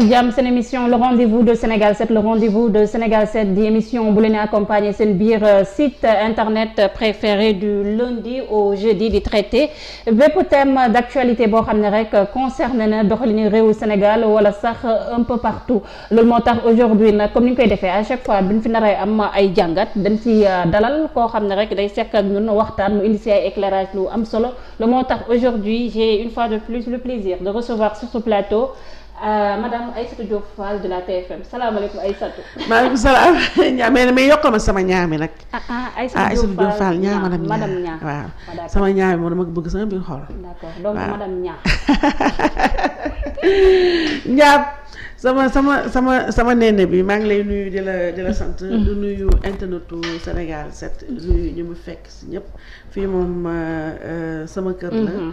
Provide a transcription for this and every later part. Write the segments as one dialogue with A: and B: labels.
A: ak jàmm seen émission le rendez-vous de Sénégal 7 le rendez-vous de Sénégal 7 di émission bu leen accompagner seen biir euh, site internet préféré du lundi au jeudi di traité bépp thème d'actualité boo xam ne rek concerné na doxalinu réewu Sénégal wala sax un peu partout loolu moo aujourd'hui nag comme ni ñu koy defee à chaque fois duñ fi naray am ay jàngat dañ ci euh, dalal koo xam ne rek day sekk ak ñun waxtaan mu indi si ay éclairage lu am solo le Euh, madame Aïssatou Diop salaamaaleykum Aïssatou. maaleykum salaam
B: ñaa mais mais yokkal ma sama ñaami nag.
A: ah ah Aïssatou ah, Diop Fall ñaa ñaa waaw
B: ah, sama ñaami moom dama bëgg sama biir xol. d'accord sama sama sama sama nenne bi maa ngi lay nuyu di la di la sant. Mm. du nuyu internetu Sénégal set mm. nuyu ñu mu fekk si ñëpp. fii moom euh, euh, sama kër la. Mhm.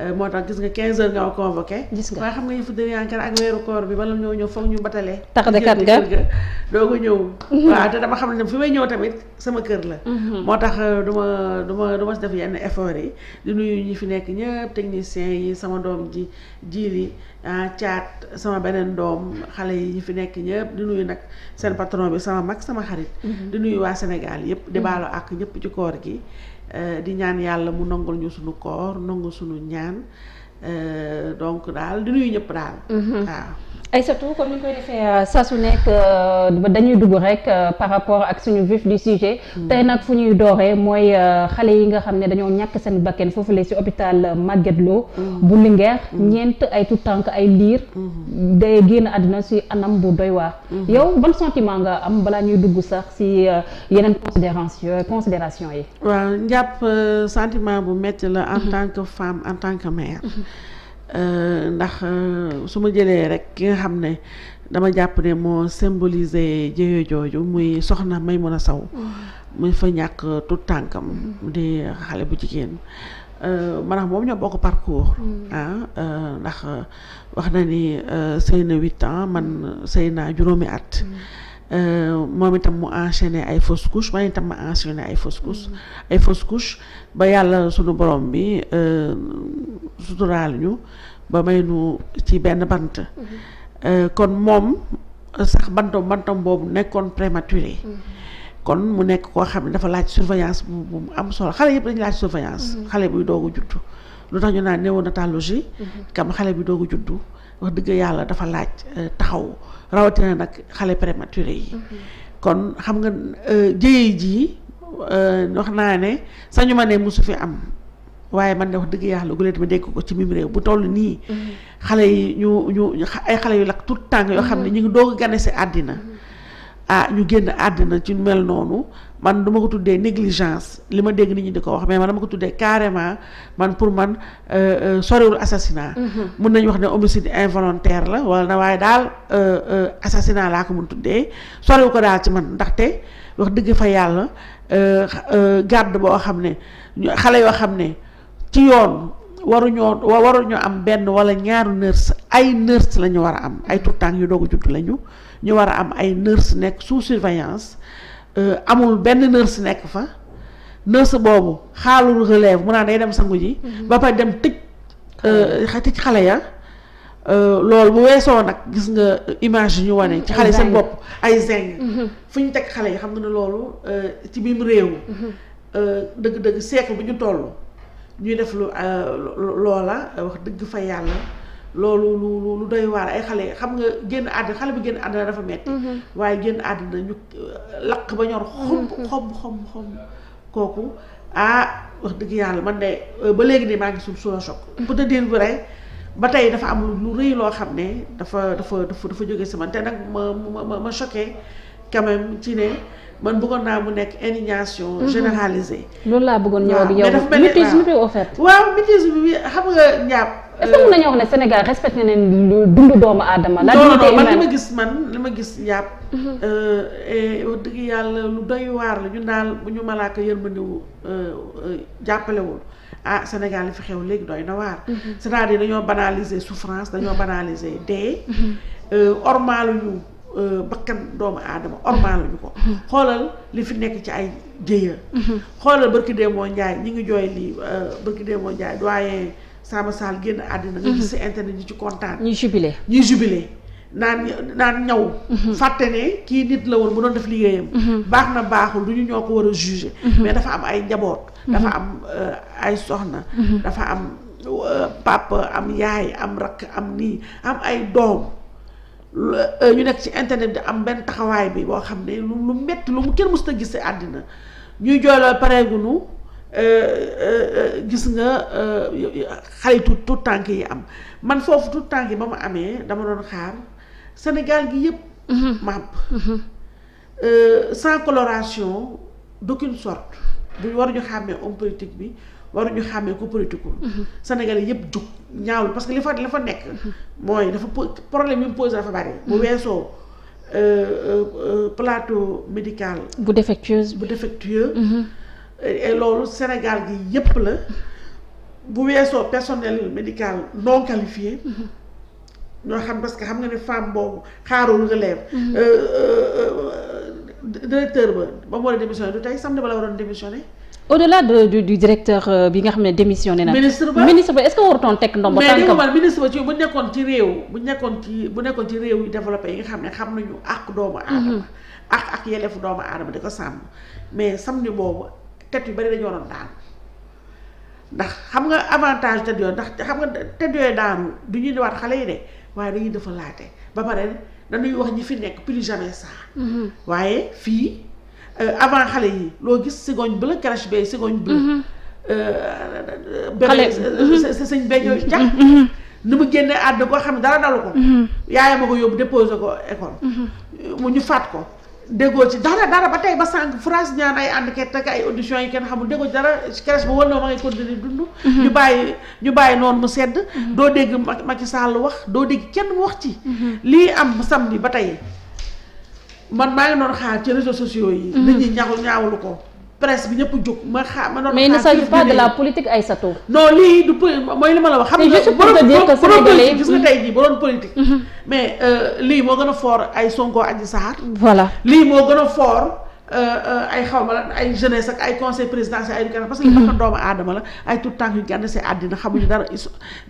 B: Euh, moo tax gis nga 15 heures nga ko convoqué. gis nga waaye xam nga yëfu dënnu ak weeru koor bi bala ñoo ñëw foog ñu batale. tax de kat nga doo ko ñëw. Mhm. waaw te dama xam ne fi may ñëw tamit sama kër la. Mhm. moo tax du ma du ma def yenn effort yi di nuyu ñi fi nekk ñëpp technicien yi sama doom ji jiili caat ah, sama beneen doom xale yi ñi fi nekk ñëpp di nuyu nag seen patron bi sama mag sama xarit. di nuyu waa Sénégal yëpp di baalu àq ñëpp ci koor gi. Eh, di ñaan yàlla mu nangul ñu suñu koor nangu suñu ñaan eh, donc daal di nuyu ñëpp daal mm-hmm. waaw
A: ay surtout comme ñu koy defee euh, saa su nekk euh, dañuy dugg rek euh, par rapport ak suñu vif du sujet. Hmm. tey nag fu ñuy dooree mooy xale yi nga xam ne dañoo ñàkk seen bakken foofu la si hôpital Magatte Lô hmm. bu Linguère hmm. ñeent ay tout tànk ay liir. day génn àddina si anam bu doy waa yow ban sentiment nga am balaa ñuy dugg sax si yeneen considération considération yi.
B: waaw njàpp sentiment bu métti la. en tant que femme en tant que mère. Euh, ndax euh, su ma jëlee rek ki nga xam ne dama jàpp ne moo symboliser jëye jooju muy soxna may a Saw mm. muy fa ñàkk tout tànkam mm-hmm. di xale bu jigéen euh, maanaam moom ñoo bokk parcours mm. ah ndax wax na ni sëy na huit ans man sëy naa juróomi at mm. Euh, moom itam mu enchaîné ay fausse couche man itam ma enchaîné ay fausse mm. ay fausse ba yàlla suñu borom bi euh, suturaal ñu ba may nu ci benn bant mm-hmm. euh, kon moom sax bantam bantam boobu nekkoon prématuré mm-hmm. kon mu nekk koo xam ne dafa laaj surveillance bu mu am solo xale yëpp dañu laaj surveillance mm-hmm. xale buy doogu juddu lu tax ñu naa néonatologie kam xale bi doogu juddu wax dëgg yàlla dafa laaj euh, taxaw rawatina nag xale prématuré yi. Mhm. kon xam nga euh, jëye ji euh, wax naa ne sañu ma ne mosu fi am waaye man de wax dëgg yàlla guleet ma dégg ko ci mim réew bu toll nii. Mhm. xale yi ñu ñu ay xale yu lakk tout tànk yoo xam ne mhm. ñu ngi doog a gane si àddina. ah ñu génn àddina ci mel noonu man dama ko tuddee négligence li ma dégg nit ñi di ko wax mais man dama ko tuddee carrément man pour man euh, euh, sorewul assassinat mhm. mun nañu wax ne homicide involontaire la wala na waaye daal euh, assassinat laa ko mun tuddee sorewu ko daal ci man ndaxte wax dëgg fa yàlla gàdd boo xam ne xale yoo xam ne ci yoon waruñoo waruñoo am benn wala ñaaru nurse ay nurse la ñu war a am ay tout temps yu doog a judd lañu ñu war a am ay nurse nekk sous surveillance euh, amul benn nurse nekk fa nurse boobu xaalul relève mu naan day dem sangu ji mhm. ba pare dem tëj euh, tëj xale ya euh, loolu bu weesoo nag gis nga image yi ñu wane mhm. ci xale seen bopp ay zeng mhm. fu ñu teg xale yi xam ne loolu ci biim réew dëgg-dëgg siècle bi ñu toll ñuy def lu loola wax dëgg fa yàlla loolu lu lu doy waar ay xale xam nga génn àddina xale bi génn àddina dafa metti mm-hmm. waaye génn àddina ñu euh, lakk ba ñor xomb mm-hmm. xomb xomb kooku ah wax dëgg yàlla man de euh, ba léegi nii maa ngi suñ soo choc bu te déen bi rey ba tey dafa am lu rëy loo xam ne dafa dafa dafa dafa jóge sama man nag ma ma ma ma quand même ci ne man bëggoon naa mu nekk indignation mhm. généralisée.
A: loolu laa bëggoon ñëw ak yow. mais mutisme bi au fait. bi xam nga ñaap. est-ce que euh, nañoo wax ne Sénégal respecté ne lu dundu doomu aadama. la dignité man li
B: gis man li gis ñaap. Mhm. Euh, dëgg yàlla lu doy waar la ñu daal bu ñu malaaka yërmande wu euh, jàppale ah Sénégal li fi xew léegi doy na waar. Mhm. c'est-à-dire dañoo banaliser souffrance dañoo banaliser dee. ormaluñu. Euh, bakkan doomu aadama ormaal lañu ko mhm. xoolal li fi nekk ci ay jéya mhm. xoolal barki deemoo njaay ñi ngi jooy lii euh, barki deemoo njaay doyen Samba Sall génn àddina nga gis mhm. si internet ñi ci kontaan ñuy jubilé ñuy jubilé naan naan ñaw fàtte ne kii nit la woon bu doon def liggéeyam baax na baaxul du ñu ñoo ko war a juger mais dafa am ay njaboot dafa am euh, ay soxna dafa am papa am yaay am rakk am nii am ay doom Euh, ñu nekk ci internet di am benn taxawaay bi boo xam ne lu lu metti lu mu kenn mës ta gis ci àddina ñuy jooyloo pareegunu euh, euh, gis nga xale tu tout tànk yi am man foofu tout tànk yi ba ma amee dama doon xaar Sénégal gi yëpp mm-hmm. màpp mm-hmm. sans coloration d'aucune sorte bu war ñu xàmmee homme politique bi waruñu xàmmee ko politiqueul mhm. Sénégalais yëpp jug ñaaw parce que li fa li fa nekk mhm. mooy dafa problème yi mu posé dafa bari bu mhm. weesoo euh, euh, euh, plateau médical
A: bu défectueuse bu défectueux
B: et loolu Sénégal gi yëpp la bu weesoo personnel médical non qualifié ñoo xam parce que xam nga ne femme boobu xaarul relève directeur ba ba mu war a démissionné du tey samedi ba la waroon démissionné
A: au-delà de du, directeur euh, bi nga xam ne démissionné na. ministre ba ministre ba est-ce que warutoon teg ndombo. tànkam mais
B: li ministre ba ci bu nekkoon ci réew bu nekkoon ci réew yu développé yi nga xam ne xam nañu ak doomu aadama. Mhm. ak ak yelleefu doomu aadama di ko sàmm. mais samedi boobu tet yu bari dañu waroon daan ndax xam nga avantage tet yooyu ndax xam nga tet yooyu daanu du ñuy diwaat xale yi de waaye dañuy dafa laate ba pare dañuy wax ñi fi nekk plus jamais ça. Mhm. waaye fii. Euh, avant xale yi loo gis sigoñ bleu crèche bee sigoñ bleu mm-hmm. euh, xale euh, mm-hmm. sëñ beño jax ni mu génne àdduna koo xam ne dara dalu ko mm-hmm. yaayam a ko yóbbu déposé ko école mu ñu faat ko déggoo ci dara dara ba tey ba sànq France ñaan ay enquête ak ay audition yi kenn xamul déggoo ci dara crèche ba wal na ma ngay continuer dund ñu bàyyi ñu bàyyi noonu mu sedd doo dégg Macky Sall wax doo dégg kenn wax ci lii am samedi ba tey man maa ngi doon xaar ci réseaux sociaux yi. Mm-hmm. nit ñi ñaaw ñaawlu ko. presse bi ñëpp jóg ma xaar ma doon. xaar mais il ne s'agit pas de la politique Aïssatou. non lii du mooy li ma la wax. xam nga borom politique gis nga tey jii borom politique. Mm-hmm. mais euh, lii moo gën a foor ay Sonko Adji Sarr. voilà lii moo gën a fort. Euh, euh, ay xaw ma la ay jeunesse ak ay conseil présidentiel ay éducation parce que li doomu aadama la ay tout temps yu gànn see àddina xamuñu dara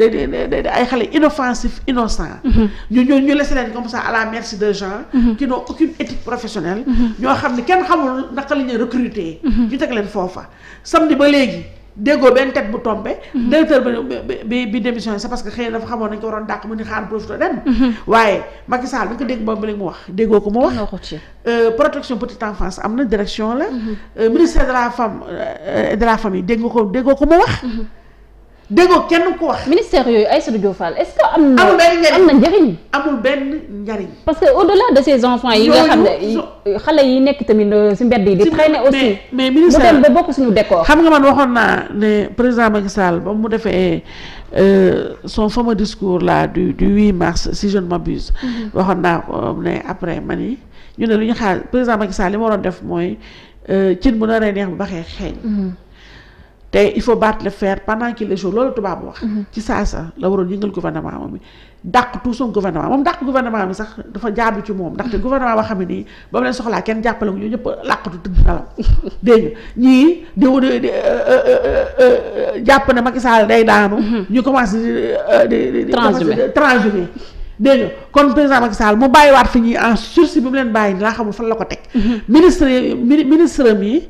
B: day day ay xale inoffensif innocent mm-hmm. ñu ñu ñu laissé leen comme ça à la merci de gens mm-hmm. qui n'ont aucune éthique professionnelle mm-hmm. ñoo xam ne kenn xamul naka la ñuy recruter ñu teg leen foofa samedi ba léegi déggoo benn tête bu tombé. Mhm. directeur bi bi bi démission parce que xëy na dafa xamoon nañ ko waroon dàq mu ni xaar profité dem. Mhm. waaye Macky Sall nga ko dégg moom bi mu wax déggoo ko mu wax. Euh, protection petite enfance am na direction la. Mhm. Euh, ministère de la femme euh, de la dégg nga ko déggoo ko mu wax. déggoo kenn ko wax. ministère yooyu Aïssatou Diop Fall est-ce que am na. amul benn njariñ am na njariñ. amul benn njariñ. parce que au-delà de ces enfants yi nga xam ne
A: xale yi nekk tamit euh, si mbedd yi. di traîner aussi
B: mais ministère mu dem ba bokk suñu décor. xam nga man waxoon naa ne président Macky Sall ba mu defee euh, son fameux discours là du du 8 mars si je ne m'abuse. Mhm. waxoon naa ko ne après man yi ñu ne lu ñu xaar président Macky Sall li ma waroon def mooy euh, cin bu naree neex bu baxee xeeñ. Mhm. te il faut battre le fer pendant qu'il est chaud loolu tubaab wax. Mhm. ci saasa la waroon moom dàq tout son gouvernement moom dàq dafa jaadu ci moom ndaxte gouvernement boo xam ne nii ba mu leen soxlaa kenn ñu ñëpp jàpp ne Macky Sall day daanu. Mhm. ñu commencé di euh, di di transhumé kon président Macky Sall mu bàyyiwaat fi ñuy en sursis bi mu leen bàyyi laa xamul fan la ko teg. Mhm. ministre mi ministre euh, mi.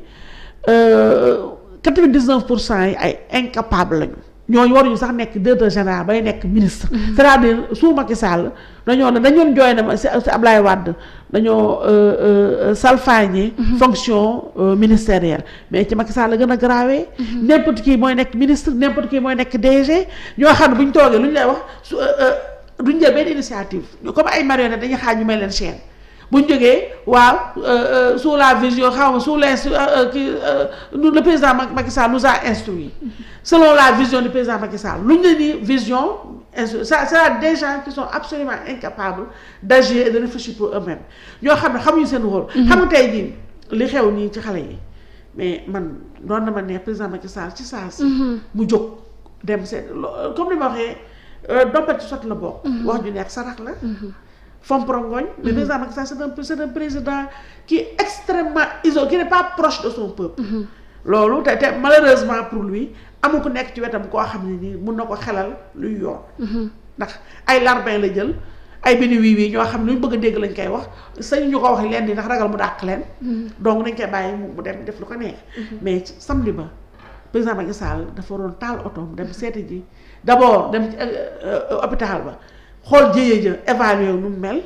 B: 99 pour cent yi ay incapable lañu ñooñu waruñu sax nekk directeur général bay nekk ministre. Mm-hmm. c'est-à-dire su Macky Sall dañoo ne dañoon jooy na si Ablaye wadd dañoo euh, euh, salfaañe. Mm-hmm. fonction euh, ministérielle mais ci Macky Sall la gën a grave. Mm-hmm. n'importe kii mooy nekk ministre n'importe kii mooy nekk DG ñoo xam ne bu ñu toogee lu ñu lay wax su duñ jël benn initiative comme ay marionnettes dañuy xaaj ñu may leen chaîne. bu ñu jógee waaw euh, euh, sous la vision xaw ma sous euh, le président Macky Sall nous a instruit selon la vision du président Macky Sall lu ñu la ni vision instru ça c'est des gens qui son absolument incapables d'agir et de réfléchir pour eux-mêmes ñoo xam ne xamuñu seen rôle. Mhm. xam nga tey jii li xew nii ci xale yi mais man doon na ma ne président Macky ci saa si mhm. mu jóg dem seet comme li ma waxee dompet ci sot la bokk. Mhm. wax ju neex sarax la. Fomprongone, le président Macky c'est un, président qui est extrêmement isolé, qui n'est pas proche de son peuple. loolu te te malheureusement pour lui amul ku nekk ci wetam koo xam ne nii mun na ko xelal luy yoon. ndax ay larbin la jël ay benn wii wii ñoo xam ne luñ bëgg dégg lañ koy wax sañ ñu ko wax leen di ndax ragal mu dàq leen. donc dañ koy bàyyi mu dem def lu ko neex. mais samedi ba président Macky Sall dafa waroon taal otoom dem seeti ji d' abord dem ci euh, euh, hôpital ba. xool jëye ja évaluer nu mel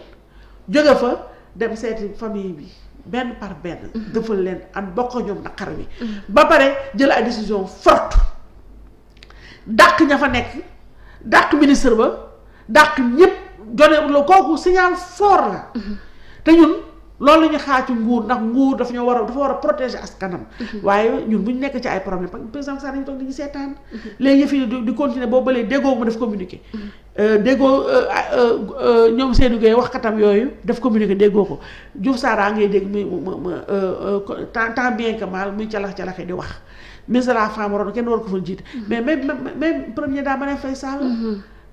B: jóge fa dem seeti famille bi benn par benn mhm. dëfal leen am bokk ñoom naqar bi mhm. ba pare jël ay décision forte dàq ña fa nekk dàq ministre ba dàq ñëpp jone la kooku signal fort la mhm. te ñun loolu la ñu xaar nguur ndax nguur dafa ñoo war a dafa war a protéger askanam. Mhm. waaye ñun bu ñu nekk ci ay problème parce que président Sall dañu toog di ñu seetaan. Mhm. léegi yëf yi di continuer boo balee déggoo mu def communiqué. Mhm. Euh, déggoo euh, euh, ñoom Seydou Gueye wax katam yooyu def communiqué déggoo ko Diouf Sarr ngay dégg muy tant tant bien que mal muy calax calaxe di wax. ministre de la femme waroon kenn war ko fa jiite. mais même même première dame Marième Faye Sall.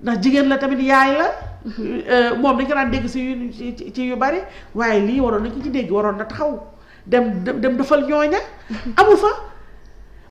B: ndax jigéen la tamit yaay la euh, moom dañ ko daan dégg si yu ci yu bari waaye lii waroon na ko ci dégg waroon na taxaw dem dem defal ñooña amu fa